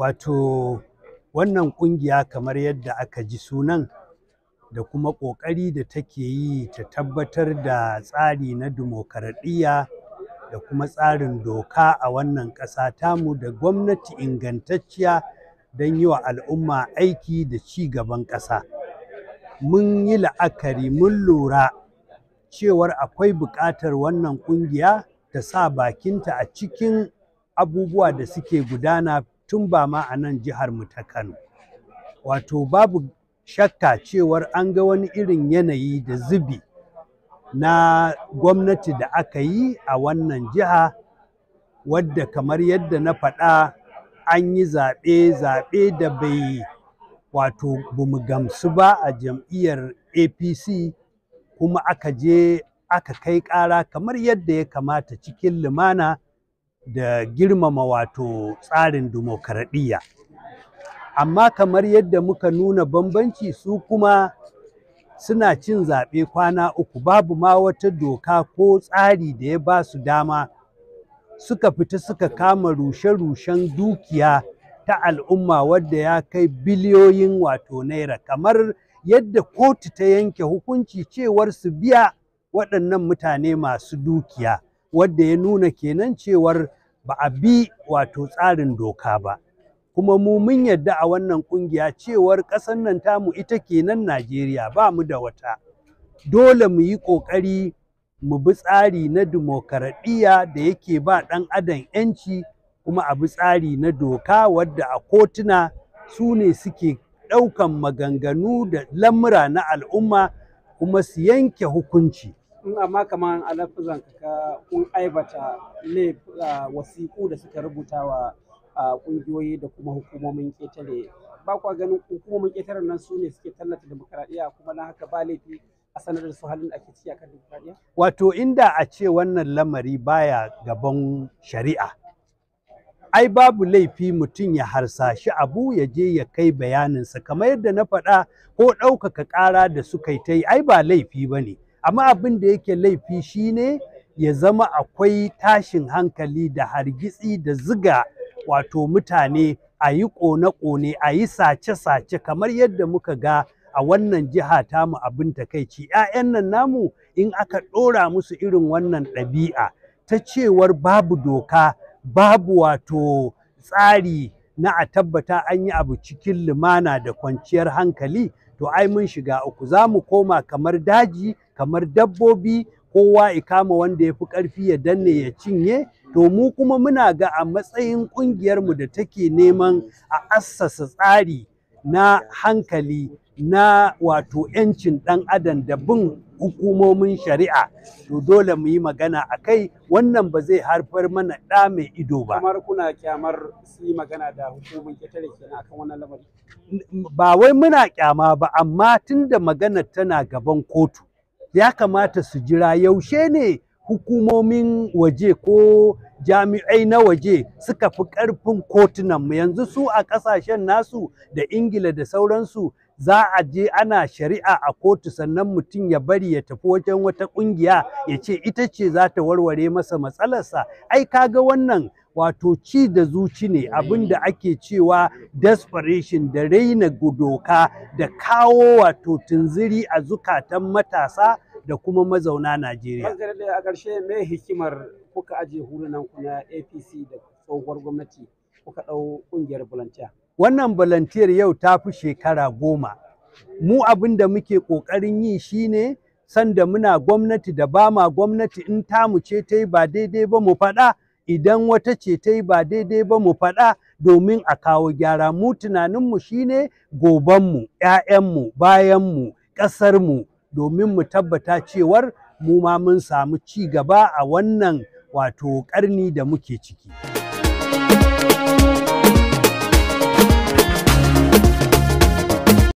wato wannan ƙungiya kamar yadda aka ji sunan da kuma ƙoƙari da take yi ta tabbatar da tsari na dimokuraɗiyya da kuma tsarin doka a wannan ƙasa tamu da gwamnati ingantacciya don yi wa al'umma aiki da ci gaban ƙasa. Mun yi la'akari mun lura cewar akwai buƙatar wannan ƙungiya ta sa bakinta a cikin abubuwa da suke gudana tun ba ma a nan jihar mu ta Kano. Wato babu shakka cewar an ga wani irin yanayi da zubi na gwamnati da aka yi a wannan jiha wadda kamar yadda na faɗa an yi zaɓe zaɓe da bai wato bamu gamsu ba a jam'iyyar apc kuma aka je aka kai ƙara kamar yadda ya kamata cikin lumana da girmama wato tsarin dimokuraɗiyya. Amma kamar yadda muka nuna bambanci su kuma suna cin zaɓe kwana uku babu ma wata doka ko tsari da ya ba su dama suka fita suka kama rushe-rushen dukiya ta al'umma wadda ya kai biliyoyin wato naira kamar yadda kotu ta yanke hukunci cewar su biya waɗannan mutane masu dukiya. wadda ya nuna kenan cewar ba a bi wato tsarin doka ba kuma mu mun yadda a wannan kungiya cewar ƙasar nan tamu ita kenan Najeriya ba mu da wata dole mu yi ƙoƙari mu bi tsari na dimokuraɗiyya da yake ba ɗan adam 'yanci kuma a bi tsari na doka wadda a kotuna su ne suke ɗaukan maganganu da lamura na al'umma kuma su yanke hukunci in amma kamar a kaka ka kun aibata wasiƙu da suka rubuta wa ƙungiyoyi da kuma hukumomin ƙetare ba kwa ganin hukumomin ƙetare nan su ne suke tallata demokaradiyya kuma na haka ba laifi a sanar da su halin da ake ciki kan demokaradiyya wato inda a ce wannan lamari baya gaban shari'a ai babu laifi mutum ya harsashi abu ya je ya kai bayaninsa kamar yadda na faɗa ko ɗaukaka ƙara da suka yi ta yi ai ba laifi ba ne amma abin da yake laifi shine ya zama akwai tashin hankali da hargitsi da ziga wato mutane a yi ƙone-ƙone a yi sace-sace kamar yadda muka ga a wannan jiha mu abin takaici 'ya'yan nan namu in aka ɗora musu irin wannan ɗabi'a ta cewar babu doka babu wato tsari na a tabbata an yi abu cikin lumana da kwanciyar hankali to ai mun shiga uku za mu koma kamar daji kamar dabbobi kowa ikama wanda ya fi ƙarfi ya danne ya cinye to mu kuma muna ga a matsayin ƙungiyarmu da take neman a assasa tsari na hankali na wato 'yancin ɗan adam da bin hukumomin shari'a to dole mu yi magana a kai wannan ba zai harfar mana ɗa mai ido ba kamar kuna kyamar su yi magana da hukumomin ƙetare kenan akan wannan lamarin ba wai muna kyama ba amma tunda maganar tana gaban kotu ya kamata su jira yaushe ne hukumomin waje ko jami'ai na waje suka fi ƙarfin kotunanmu yanzu su a ƙasashen nasu da ingila da sauransu za a je ana shari'a a kotu sannan mutum ya bari ya tafi wajen wata ƙungiya ya ce ita ce za ta warware masa matsalarsa ai kaga wannan wato ci da zuci ne abin da ake cewa desperation da raina doka da kawo wato tunziri a zukatan matasa da kuma mazauna Najeriya. a ƙarshe mai hikimar kuka aje hulunan APC da tsohuwar gwamnati kuka ɗau ƙungiyar volunteer? Wannan volunteer yau ta fi shekara goma. Mu abin da muke ƙoƙarin yi shi shine sanda muna gwamnati da ba ma gwamnati in ta mu ce ta yi ba daidai ba mu faɗa idan wata ce ta yi ba daidai ba mu faɗa domin a kawo gyara mu tunaninmu shine gobanmu 'ya'yanmu bayanmu ƙasarmu domin mu tabbata cewar mu ma mun samu ci gaba a wannan wato ƙarni da muke ciki.